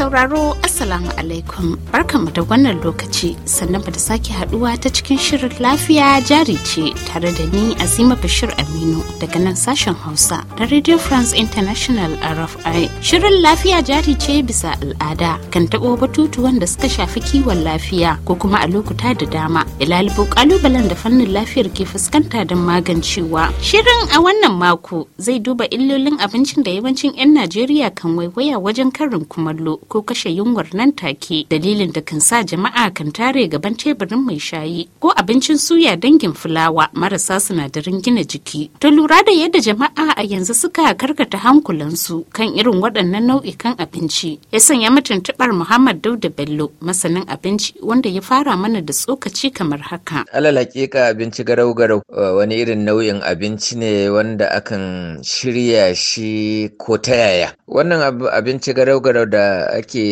sauraro Assalamu alaikum barkanmu da wannan lokaci sannan ba da sake haduwa ta cikin shirin lafiya jari ce tare da ni Azima Bashir Aminu daga nan sashen Hausa na Radio France International RFI. Shirin lafiya jari ce bisa al'ada kan taɓo batutu wanda suka shafi kiwon lafiya ko kuma a lokuta da dama ilalibu kalubalen da fannin lafiyar ke fuskanta don magancewa. Shirin a wannan mako zai duba illolin abincin da yawancin 'yan Najeriya kan waiwaya wajen karin kumallo ko kashe yunwar nan take dalilin da kan sa jama'a kan tare gaban teburin mai shayi ko abincin suya dangin fulawa marasa sinadarin gina jiki ta lura da yadda jama'a a yanzu suka karkata hankulansu kan irin waɗannan nau'ikan abinci ya sanya mutuntubar muhammad dauda bello masanin abinci wanda ya fara mana da tsokaci kamar haka alal hakika abinci garau garau uh, wani irin nau'in abinci ne wanda akan shirya shi ko ta yaya wannan abinci garau garau da ake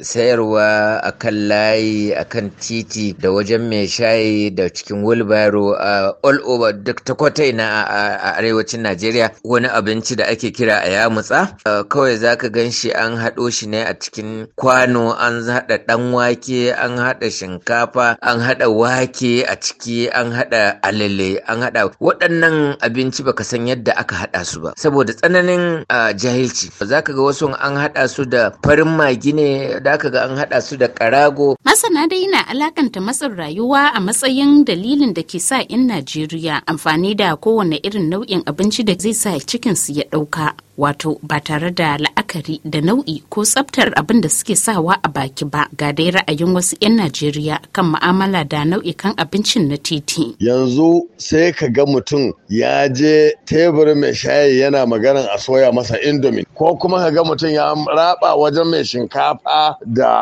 sayarwa a kan layi a kan titi da wajen mai shayi da cikin wilbaro a all over duk ta kwataina a arewacin najeriya wani abinci da ake kira a yamutsa kawai zaka gan shi an haɗo shi ne a cikin kwano an haɗa ɗan wake an haɗa shinkafa an haɗa wake a ciki an haɗa alele an haɗa waɗannan abinci baka san yadda aka haɗa su ba saboda tsananin jahilci zaka ga wasu an haɗa su da farin magi ne da aka ga an haɗa su da karago. Masana dai na alakanta matsin rayuwa a matsayin dalilin da ke sa 'yan Najeriya amfani da kowane irin nau'in abinci da zai sa cikinsu ya ɗauka. wato ba tare da la'akari da nau'i ko tsabtar abin da suke sawa a baki ba ga dai ra'ayin wasu 'yan najeriya kan ma'amala da nau'ikan abincin na titi yanzu sai ka ga mutum ya je tebur mai shayi yana maganin a soya masa indomi ko kuma ka ga mutum ya raba wajen mai shinkafa da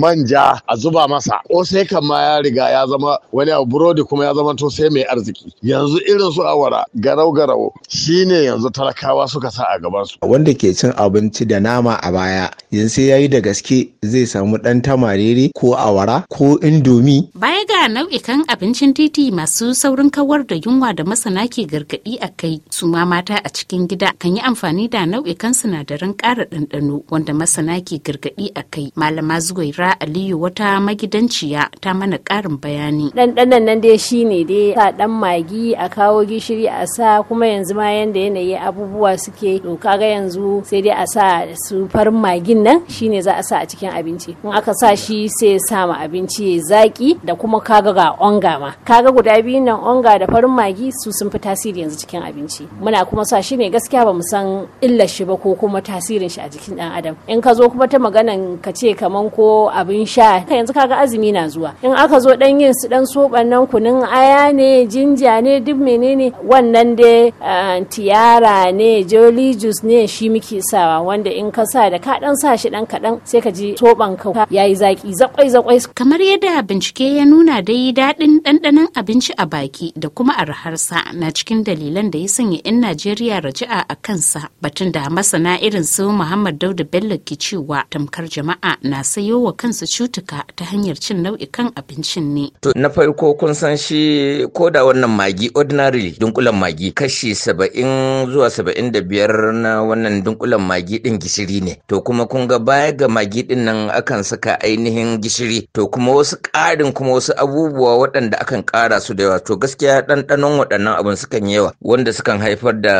manja a zuba masa ko sai kan ma ya riga ya zama wani abu burodi kuma ya zama to sai mai arziki yanzu irin su awara garau garau shine yanzu talakawa suka sa a a gabansu. Wanda ke cin abinci da nama a baya yanzu sai yayi da gaske zai samu ɗan tamariri ko awara ko indomi. Baya ga nau'ikan abincin titi masu saurin kawar da yunwa da masana ke gargaɗi a kai su ma mata a cikin gida kan yi amfani da nau'ikan sinadarin ƙara ɗanɗano wanda masana ke gargaɗi a kai. Malama Zuwaira Aliyu wata magidanciya ta mana ƙarin bayani. Ɗanɗanon nan dai shine dai sa ɗan magi a kawo gishiri a sa kuma yanzu ma yanda yanayi abubuwa suke to kaga yanzu sai dai a sa su farin magin nan shine za a sa a cikin abinci in aka sa shi sai ya sa ma abinci ya zaki da kuma kaga ga onga ma kaga guda biyu nan onga da farin magi su sun fi tasiri yanzu cikin abinci muna kuma sa shi ne gaskiya ba mu san illar shi ba ko kuma tasirin shi a jikin dan adam in ka zo kuma ta maganan ka ce kaman ko abin sha yanzu kaga azumi na zuwa in aka zo dan yin su dan soban nan kunun aya ne jinja ne duk menene wannan dai eh, tiyara ne joli juice ne shi muke sawa wanda in ka sa da ka dan sa shi dan kadan sai ka ji toban ka yayi zaƙi zakwai zakwai kamar yadda bincike ya nuna da yi daɗin ɗanɗanon abinci a baki da kuma arharsa na cikin dalilan da ya sanya 'yan Najeriya raji'a a kansa batun da masana irin su Muhammad Dauda Bello ke cewa tamkar jama'a na sayo wa kansu cutuka ta hanyar cin nau'ikan abincin ne. To na farko kun san shi ko da wannan magi ordinary dunkulen magi kashi saba'in zuwa saba'in da biyar na wannan dunkulen magi din gishiri ne to kuma kun ga baya ga magi din nan akan saka ainihin gishiri to kuma wasu ƙarin kuma wasu abubuwa waɗanda akan ƙara su da yawa to gaskiya ɗanɗanon waɗannan abin sukan yawa wanda sukan haifar da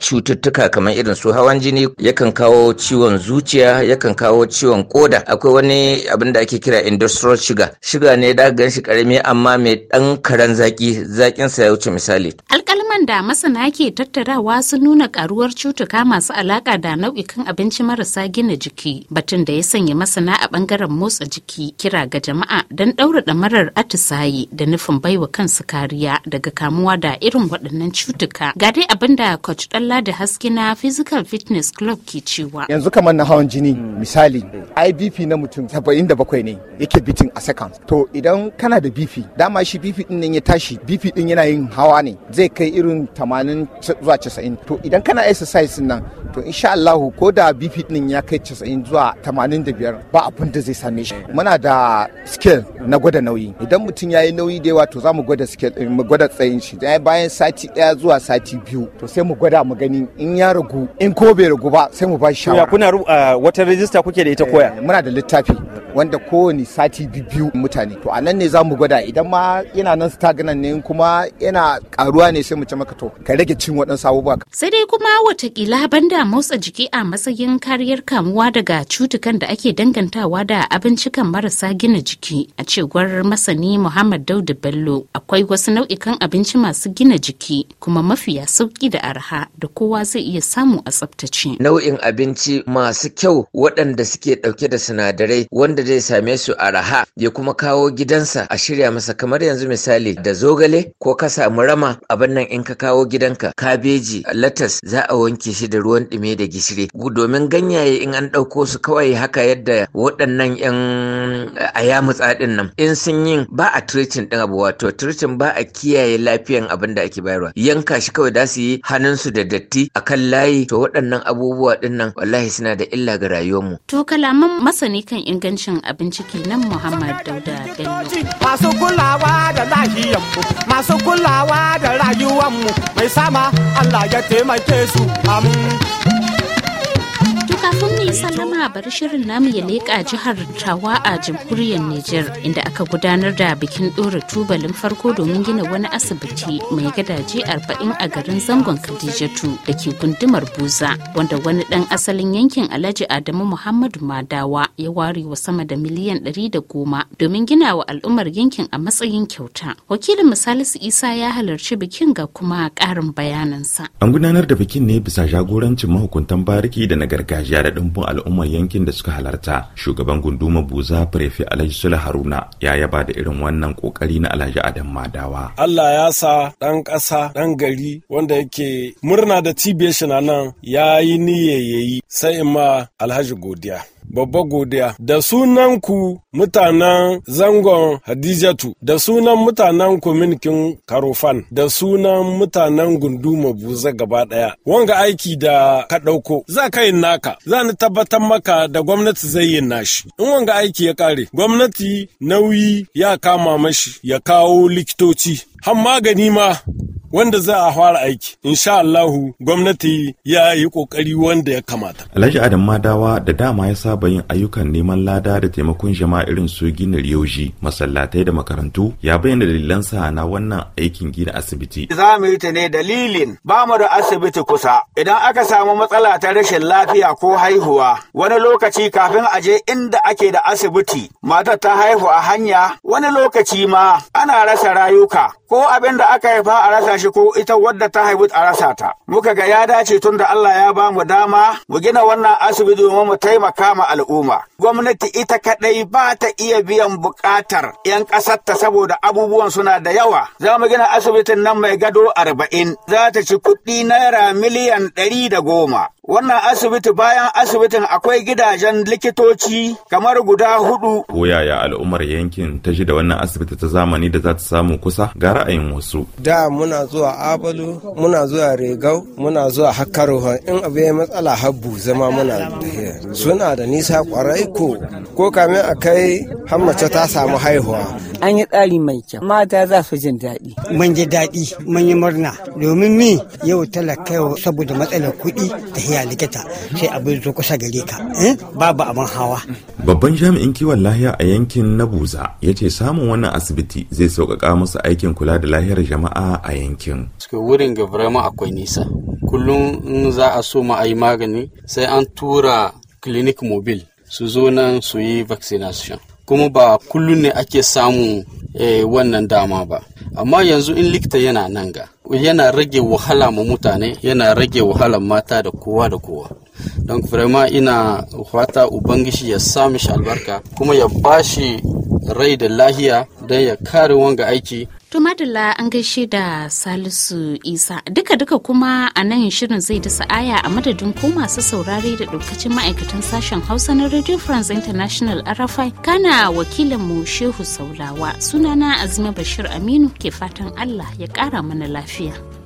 cututtuka kamar irin su hawan jini yakan kawo ciwon zuciya yakan kawo ciwon koda akwai wani abin da ake kira industrial sugar Shiga ne da gan shi karami amma mai ɗan karan zaki zakin sa ya wuce misali alƙalman da masana ke tattarawa sun nuna ƙaruwar cutuka masu alaka da nau'ikan abinci marasa gina jiki batun da ya sanya masana a bangaren motsa jiki kira ga jama'a don ɗaura ɗamarar atisaye da nufin baiwa kansu kariya daga kamuwa da irin waɗannan cutuka ga dai abin da coach dalla da haske na physical fitness club ke cewa yanzu kamar na hawan jini misali ibp na mutum 77 ne yake bitin a second to idan kana da bp dama shi bp din nan ya tashi bp din yana yin hawa ne zai kai irin 80 zuwa 90 to idan kana 赛事呢？to insha Allah ko da BP din ya kai 90 zuwa 85 ba abin da zai same shi muna da scale na gwada nauyi idan mutum yayi nauyi da yawa to za mu gwada scale eh, mu gwada tsayin shi bayan sati 1 zuwa sati biyu to sai mu gwada mu gani in ya ragu in ko bai ragu ba sai mu ba shi shawara kuna ah, wata register kuke da ita koya eh, muna da littafi wanda kowane sati biyu mutane to a nan ne za mu gwada idan ma yana nan stagnant ne kuma yana karuwa ne sai mu ce maka to ka rage cin waɗansu abubuwa sai dai kuma watakila banda motsa jiki a matsayin kariyar kamuwa daga cutukan da ake dangantawa da abinci kan marasa gina jiki a cewar masani muhammad dauda bello akwai wasu nau'ikan abinci masu gina jiki kuma mafiya sauki da arha da kowa zai iya samu a tsaftace nau'in abinci masu kyau waɗanda suke ɗauke da sinadarai wanda zai same su arha ya kuma kawo gidansa a shirya masa kamar yanzu misali da zogale ko ka samu rama abin nan in ka kawo gidanka kabeji latas za a wanke shi da ruwan ɗume da gishiri domin ganyaye in an ɗauko su kawai haka yadda waɗannan yan ayamutsa ɗin nan in sun yi ba a tiricin ɗin abu wato tiricin ba a kiyaye lafiyan abin da ake bayarwa yanka shi kawai da su yi hannunsu da datti a kan layi to waɗannan abubuwa ɗin nan wallahi suna da illa ga rayuwarmu. to kalaman masani kan ingancin abinci kenan muhammad dauda bello. da lahiyanmu masu kulawa da rayuwanmu mai sama Allah ya taimake su amin. Kafin mu sallama bari shirin namu ya leƙa jihar Tawa a jamhuriyar Nijar inda aka gudanar da bikin ɗora tubalin farko domin gina wani asibiti mai gadaje arba'in a garin zangon kadijatu da ke gundumar Buza wanda wani ɗan asalin yankin Alhaji Adamu Muhammadu Madawa ya ware wa sama da miliyan ɗari da goma domin gina wa al'ummar yankin a matsayin kyauta. Wakilin salisu Isa ya halarci bikin ga kuma ƙarin bayanansa. An gudanar da bikin ne bisa jagorancin mahukuntan bariki da na gargajiya da ɗumbin al'ummar yankin da suka halarta shugaban gunduma buza prefe alhaji sula haruna ya yaba da irin wannan kokari na alhaji adam madawa allah ya sa ɗan ƙasa ɗan gari wanda yake murna da cibiyar shi na nan ya yi niyyayi sai in ma alhaji godiya babba godiya da sunan ku mutanen zangon hadijatu da sunan mutanen kwaminkin karofan da sunan mutanen gunduma buza gaba daya wanga aiki da ka ɗauko za ka yi naka za ni tabbatar maka da gwamnati zai yi nashi in wanga aiki ya kare gwamnati nauyi ya kama mashi ya kawo likitoci har magani ma wanda za a fara aiki insha Allahu gwamnati ya yi kokari wanda ya kamata Alhaji Adam Madawa da dama ya saba yin ayyukan neman lada da taimakon jama'a irin su gina riyoji masallatai da makarantu ya bayyana sa na wannan aikin gina asibiti za mu yi ta ne dalilin ba mu da asibiti kusa idan aka samu matsala ta rashin lafiya ko haihuwa wani lokaci kafin a je inda ake da asibiti matar ta haihu a hanya wani lokaci ma ana rasa rayuka ko abin da aka haifa a rasa shi ko ita wadda ta haibu a rasa ta. Muka ga ya dace tun da Allah ya ba mu dama mu gina wannan asibiti domin mu taimaka ma al'umma. Gwamnati ita kaɗai ba ta iya biyan buƙatar 'yan ƙasarta saboda abubuwan suna da yawa. Za mu gina asibitin nan mai gado arba'in za ta ci kuɗi naira miliyan ɗari da goma. Wannan asibiti bayan asibitin akwai gidajen likitoci kamar guda hudu. Ko yaya al'ummar yankin ta shi da wannan asibiti ta zamani da za ta samu kusa ga ra'ayin wasu. Da muna zuwa Abalu, muna zuwa Regau, muna zuwa Hakkaruwa in abu ya matsala habbu zama muna da Suna da nisa kwarai ko ko kamin a kai hammace ta samu haihuwa. An yi tsari mai kyau, mata za su jin daɗi. Mun ji daɗi, mun yi murna, domin ni yau talakai saboda matsalar kuɗi ta lahiya likita sai abu zo kusa gare ka eh? babu abin hawa babban jami'in kiwon lahiya a yankin na buza ya ce samun wannan asibiti zai sauƙaƙa musu aikin kula da lahiyar jama'a a yankin wurin ga akwai nisa kullum in za a so ma a yi magani sai an tura clinic mobil su zo nan su yi vaccination kuma ba kullum ne ake samun eh, wannan dama ba amma yanzu in likita yana nan ga yana rage wahala ma mutane yana rage wahalan mata da kowa da kowa don vraiment ina fata ubangiji ya sa mishi albarka kuma ya bashi rai da lahiya don ya kare wanga aiki To Madalla an gaishe da Salisu Isa duka-duka kuma a nan shirin zai da sa'aya a madadin ko masu saurare da ɗaukacin ma'aikatan sashen Hausa na Radio France International RFI kana mu Shehu Saulawa sunana azumi Bashir Aminu ke fatan Allah ya ƙara mana lafiya.